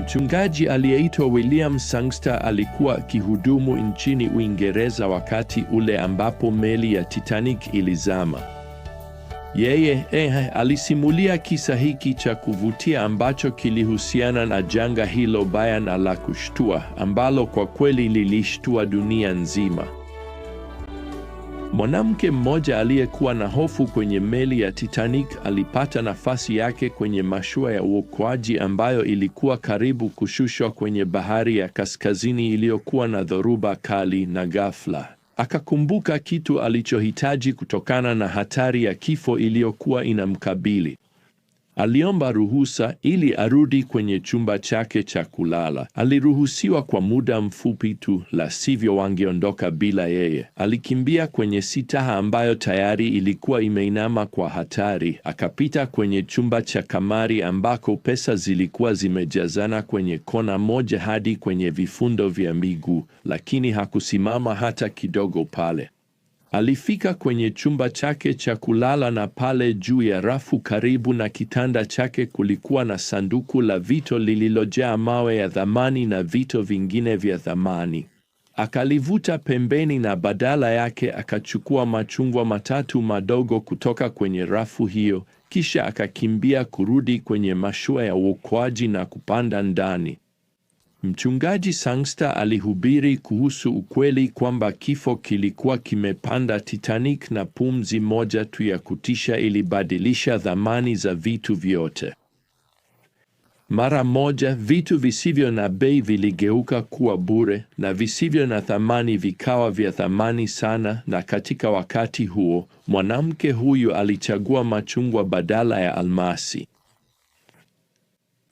Mchungaji aliyeitwa William Sangster alikuwa akihudumu nchini Uingereza wakati ule ambapo meli ya Titanic ilizama. Yeye eh, alisimulia kisa hiki cha kuvutia ambacho kilihusiana na janga hilo baya na la kushtua ambalo kwa kweli lilishtua dunia nzima. Mwanamke mmoja aliyekuwa na hofu kwenye meli ya Titanic alipata nafasi yake kwenye mashua ya uokoaji ambayo ilikuwa karibu kushushwa kwenye bahari ya kaskazini iliyokuwa na dhoruba kali, na ghafla akakumbuka kitu alichohitaji kutokana na hatari ya kifo iliyokuwa inamkabili. Aliomba ruhusa ili arudi kwenye chumba chake cha kulala. Aliruhusiwa kwa muda mfupi tu, la sivyo wangeondoka bila yeye. Alikimbia kwenye sitaha ambayo tayari ilikuwa imeinama kwa hatari, akapita kwenye chumba cha kamari ambako pesa zilikuwa zimejazana kwenye kona moja hadi kwenye vifundo vya miguu, lakini hakusimama hata kidogo pale. Alifika kwenye chumba chake cha kulala na pale juu ya rafu karibu na kitanda chake kulikuwa na sanduku la vito lililojaa mawe ya thamani na vito vingine vya thamani. Akalivuta pembeni na badala yake akachukua machungwa matatu madogo kutoka kwenye rafu hiyo, kisha akakimbia kurudi kwenye mashua ya uokoaji na kupanda ndani. Mchungaji Sangsta alihubiri kuhusu ukweli kwamba kifo kilikuwa kimepanda Titanic na pumzi moja tu ya kutisha ilibadilisha thamani za vitu vyote. Mara moja vitu visivyo na bei viligeuka kuwa bure na visivyo na thamani vikawa vya thamani sana, na katika wakati huo mwanamke huyu alichagua machungwa badala ya almasi.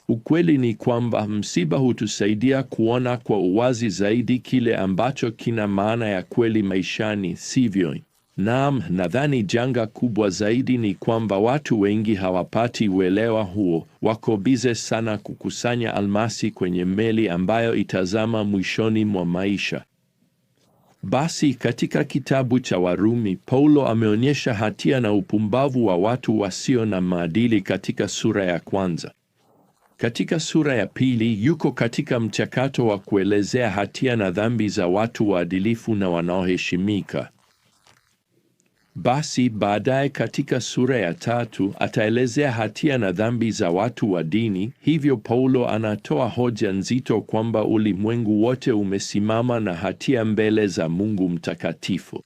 Ukweli ni kwamba msiba hutusaidia kuona kwa uwazi zaidi kile ambacho kina maana ya kweli maishani, sivyo? Naam, nadhani janga kubwa zaidi ni kwamba watu wengi hawapati uelewa huo. Wako bize sana kukusanya almasi kwenye meli ambayo itazama mwishoni mwa maisha. Basi katika kitabu cha Warumi, Paulo ameonyesha hatia na upumbavu wa watu wasio na maadili katika sura ya kwanza. Katika sura ya pili yuko katika mchakato wa kuelezea hatia na dhambi za watu waadilifu na wanaoheshimika. Basi baadaye katika sura ya tatu ataelezea hatia na dhambi za watu wa dini. Hivyo Paulo anatoa hoja nzito kwamba ulimwengu wote umesimama na hatia mbele za Mungu mtakatifu.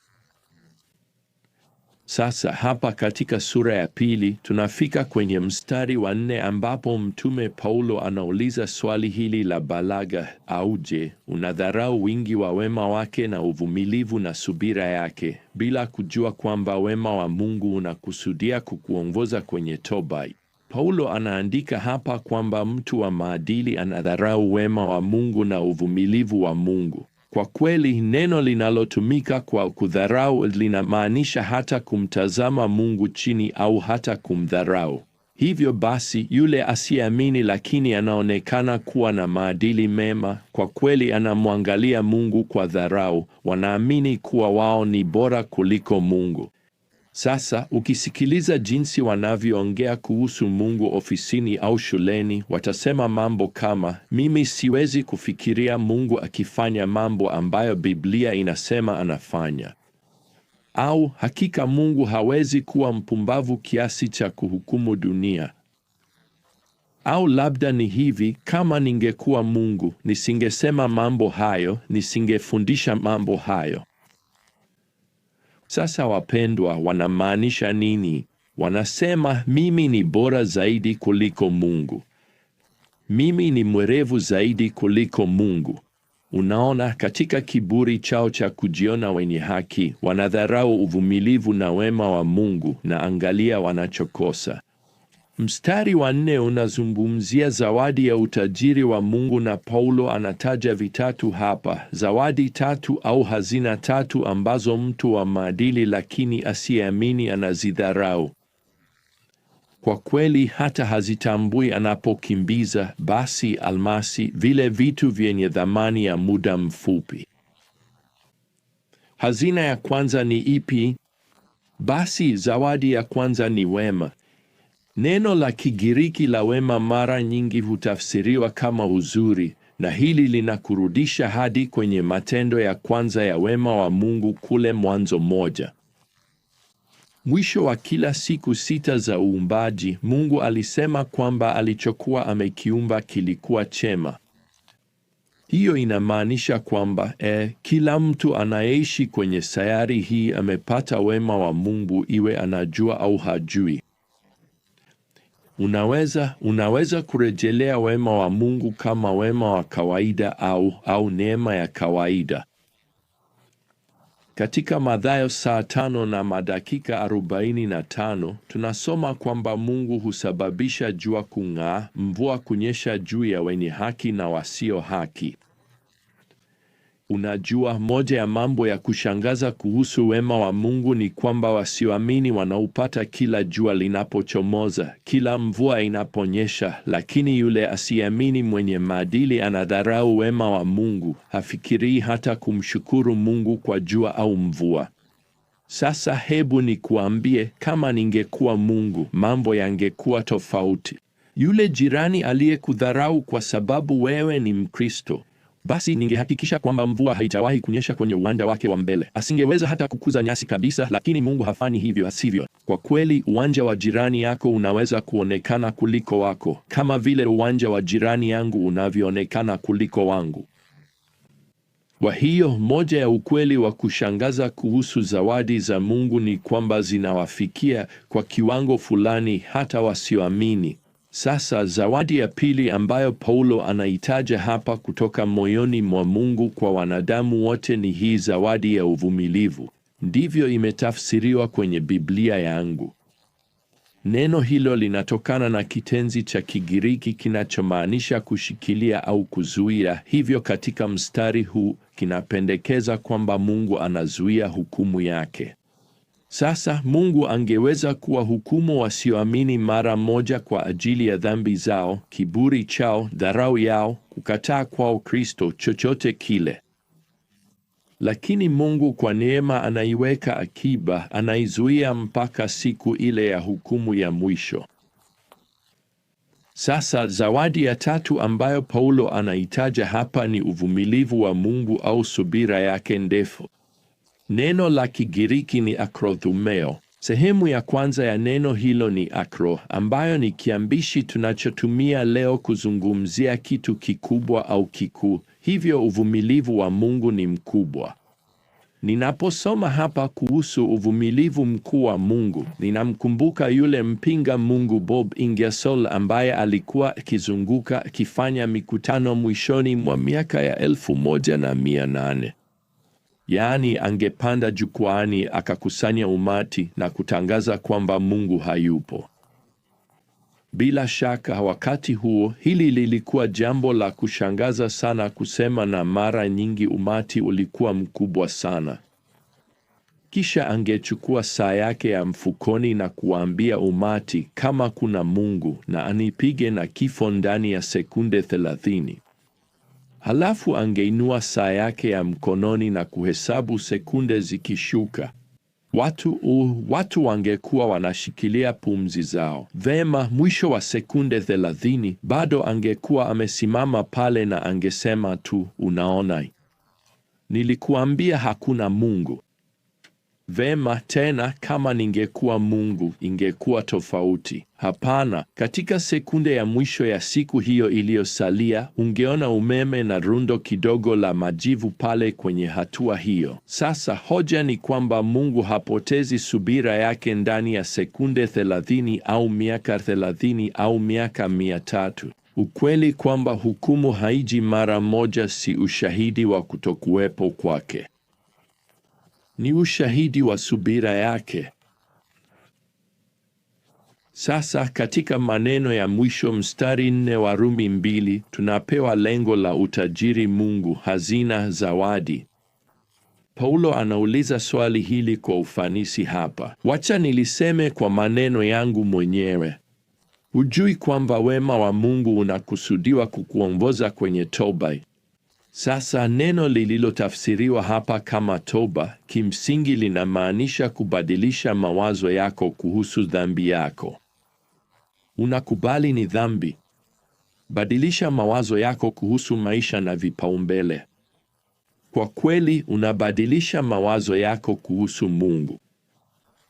Sasa hapa katika sura ya pili tunafika kwenye mstari wa nne ambapo mtume Paulo anauliza swali hili la Balaga: auje unadharau wingi wa wema wake na uvumilivu na subira yake, bila kujua kwamba wema wa Mungu unakusudia kukuongoza kwenye toba? Paulo anaandika hapa kwamba mtu wa maadili anadharau wema wa Mungu na uvumilivu wa Mungu. Kwa kweli neno linalotumika kwa kudharau linamaanisha hata kumtazama Mungu chini au hata kumdharau. Hivyo basi, yule asiyeamini lakini anaonekana kuwa na maadili mema, kwa kweli anamwangalia Mungu kwa dharau. Wanaamini kuwa wao ni bora kuliko Mungu. Sasa ukisikiliza jinsi wanavyoongea kuhusu Mungu ofisini au shuleni, watasema mambo kama, mimi siwezi kufikiria Mungu akifanya mambo ambayo Biblia inasema anafanya, au hakika Mungu hawezi kuwa mpumbavu kiasi cha kuhukumu dunia, au labda ni hivi, kama ningekuwa Mungu nisingesema mambo hayo, nisingefundisha mambo hayo. Sasa wapendwa, wanamaanisha nini? Wanasema mimi ni bora zaidi kuliko Mungu, mimi ni mwerevu zaidi kuliko Mungu. Unaona, katika kiburi chao cha kujiona wenye haki wanadharau uvumilivu na wema wa Mungu, na angalia wanachokosa. Mstari wa nne unazungumzia zawadi ya utajiri wa Mungu na Paulo anataja vitatu hapa, zawadi tatu au hazina tatu ambazo mtu wa maadili lakini asiyeamini anazidharau. Kwa kweli hata hazitambui anapokimbiza basi almasi, vile vitu vyenye thamani ya muda mfupi. Hazina ya kwanza ni ipi? Basi zawadi ya kwanza ni wema. Neno la Kigiriki la wema mara nyingi hutafsiriwa kama uzuri, na hili linakurudisha hadi kwenye matendo ya kwanza ya wema wa Mungu kule Mwanzo moja. Mwisho wa kila siku sita za uumbaji, Mungu alisema kwamba alichokuwa amekiumba kilikuwa chema. Hiyo inamaanisha kwamba e, kila mtu anayeishi kwenye sayari hii amepata wema wa Mungu, iwe anajua au hajui. Unaweza unaweza kurejelea wema wa Mungu kama wema wa kawaida au au neema ya kawaida. Katika Mathayo saa tano na madakika arobaini na tano tunasoma kwamba Mungu husababisha jua kung'aa, mvua kunyesha juu ya wenye haki na wasio haki, Unajua, moja ya mambo ya kushangaza kuhusu wema wa Mungu ni kwamba wasioamini wanaupata kila jua linapochomoza, kila mvua inaponyesha, lakini yule asiyeamini mwenye maadili anadharau wema wa Mungu, hafikirii hata kumshukuru Mungu kwa jua au mvua. Sasa hebu nikuambie, kama ningekuwa Mungu, mambo yangekuwa tofauti. Yule jirani aliyekudharau kwa sababu wewe ni Mkristo basi ningehakikisha kwamba mvua haitawahi kunyesha kwenye uwanja wake wa mbele. Asingeweza hata kukuza nyasi kabisa, lakini Mungu hafanyi hivyo, asivyo? Kwa kweli, uwanja wa jirani yako unaweza kuonekana kuliko wako, kama vile uwanja wa jirani yangu unavyoonekana kuliko wangu. Kwa hiyo moja ya ukweli wa kushangaza kuhusu zawadi za Mungu ni kwamba zinawafikia kwa kiwango fulani hata wasioamini. Sasa zawadi ya pili ambayo Paulo anaitaja hapa kutoka moyoni mwa Mungu kwa wanadamu wote ni hii zawadi ya uvumilivu. Ndivyo imetafsiriwa kwenye Biblia yangu. Neno hilo linatokana na kitenzi cha Kigiriki kinachomaanisha kushikilia au kuzuia. Hivyo katika mstari huu kinapendekeza kwamba Mungu anazuia hukumu yake. Sasa Mungu angeweza kuwahukumu wasioamini mara moja kwa ajili ya dhambi zao, kiburi chao, dharau yao, kukataa kwao Kristo, chochote kile. Lakini Mungu kwa neema anaiweka akiba, anaizuia mpaka siku ile ya hukumu ya mwisho. Sasa zawadi ya tatu ambayo Paulo anaitaja hapa ni uvumilivu wa Mungu au subira yake ndefu. Neno la Kigiriki ni akrothumeo. Sehemu ya kwanza ya neno hilo ni akro, ambayo ni kiambishi tunachotumia leo kuzungumzia kitu kikubwa au kikuu. Hivyo uvumilivu wa Mungu ni mkubwa. Ninaposoma hapa kuhusu uvumilivu mkuu wa Mungu, ninamkumbuka yule mpinga Mungu Bob Ingersoll ambaye alikuwa akizunguka akifanya mikutano mwishoni mwa miaka ya elfu moja na mia nane. Yaani, angepanda jukwaani akakusanya umati na kutangaza kwamba Mungu hayupo. Bila shaka, wakati huo hili lilikuwa jambo la kushangaza sana kusema, na mara nyingi umati ulikuwa mkubwa sana. Kisha angechukua saa yake ya mfukoni na kuambia umati kama kuna Mungu, na anipige na kifo ndani ya sekunde thelathini. Halafu angeinua saa yake ya mkononi na kuhesabu sekunde zikishuka. Watu uh, watu wangekuwa wanashikilia pumzi zao vema. Mwisho wa sekunde thelathini bado angekuwa amesimama pale na angesema tu, unaona, nilikuambia hakuna Mungu. Vema tena, kama ningekuwa Mungu ingekuwa tofauti. Hapana, katika sekunde ya mwisho ya siku hiyo iliyosalia, ungeona umeme na rundo kidogo la majivu pale kwenye hatua hiyo. Sasa hoja ni kwamba Mungu hapotezi subira yake ndani ya sekunde thelathini au miaka thelathini au miaka mia tatu. Ukweli kwamba hukumu haiji mara moja si ushahidi wa kutokuwepo kwake ni ushahidi wa subira yake. Sasa katika maneno ya mwisho mstari nne wa Rumi mbili tunapewa lengo la utajiri Mungu, hazina, zawadi. Paulo anauliza swali hili kwa ufanisi hapa. Wacha niliseme kwa maneno yangu mwenyewe. Hujui kwamba wema wa Mungu unakusudiwa kukuongoza kwenye toba, sasa neno lililotafsiriwa hapa kama toba kimsingi linamaanisha kubadilisha mawazo yako kuhusu dhambi yako. Unakubali ni dhambi. Badilisha mawazo yako kuhusu maisha na vipaumbele. Kwa kweli unabadilisha mawazo yako kuhusu Mungu.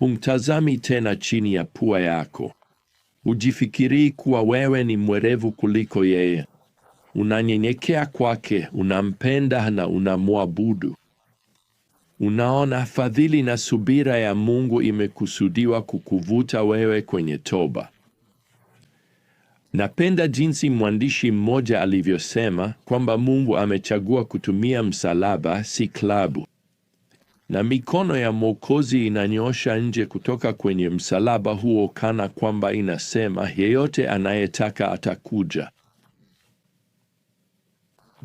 umtazami tena chini ya pua yako. Ujifikirii kuwa wewe ni mwerevu kuliko yeye unanyenyekea kwake, unampenda na unamwabudu. Unaona, fadhili na subira ya Mungu imekusudiwa kukuvuta wewe kwenye toba. Napenda jinsi mwandishi mmoja alivyosema kwamba Mungu amechagua kutumia msalaba, si klabu, na mikono ya Mwokozi inanyosha nje kutoka kwenye msalaba huo, kana kwamba inasema yeyote anayetaka atakuja.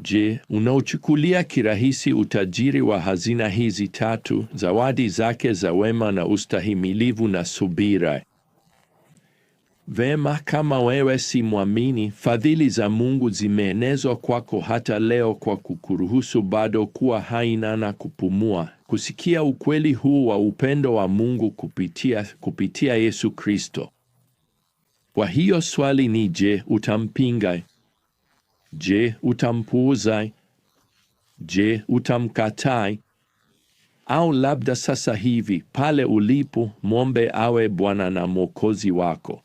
Je, unauchukulia kirahisi utajiri wa hazina hizi tatu, zawadi zake za wema na ustahimilivu na subira? Vema, kama wewe si mwamini, fadhili za Mungu zimeenezwa kwako hata leo kwa kukuruhusu bado kuwa hai na kupumua, kusikia ukweli huu wa upendo wa Mungu kupitia kupitia Yesu Kristo. Kwa hiyo swali ni je, utampinga? Je, utampuuza? Je, utamkatai? Au labda sasa hivi pale ulipo mwombe awe Bwana na Mwokozi wako.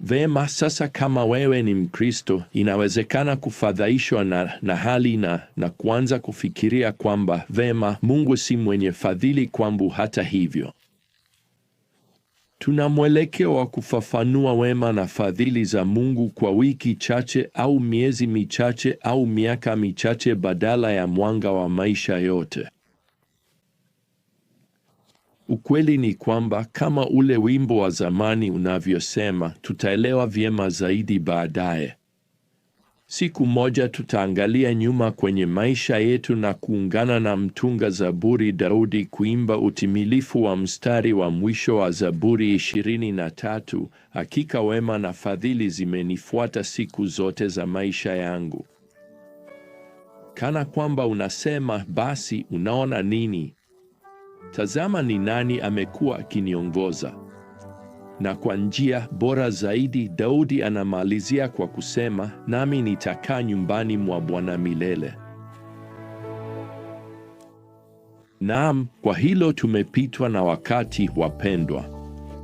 Vema, sasa kama wewe ni Mkristo, inawezekana kufadhaishwa na, na hali na, na kuanza kufikiria kwamba vema, Mungu si mwenye fadhili kwangu hata hivyo. Tuna mwelekeo wa kufafanua wema na fadhili za Mungu kwa wiki chache au miezi michache au miaka michache badala ya mwanga wa maisha yote. Ukweli ni kwamba kama ule wimbo wa zamani unavyosema, tutaelewa vyema zaidi baadaye. Siku moja tutaangalia nyuma kwenye maisha yetu na kuungana na mtunga zaburi Daudi kuimba utimilifu wa mstari wa mwisho wa Zaburi ishirini hakika wema na fadhili zimenifuata siku zote za maisha yangu. Kana kwamba unasema basi, unaona nini? Tazama ni nani amekuwa akiniongoza na kwa njia bora zaidi. Daudi anamalizia kwa kusema, nami nitakaa nyumbani mwa Bwana milele. Naam, kwa hilo tumepitwa na wakati, wapendwa.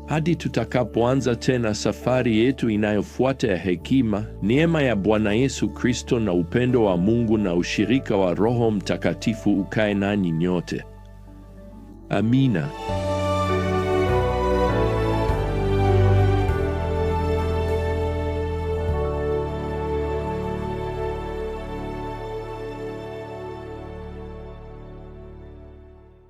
Hadi tutakapoanza tena safari yetu inayofuata ya hekima, neema ya Bwana Yesu Kristo na upendo wa Mungu na ushirika wa Roho Mtakatifu ukae nanyi nyote. Amina.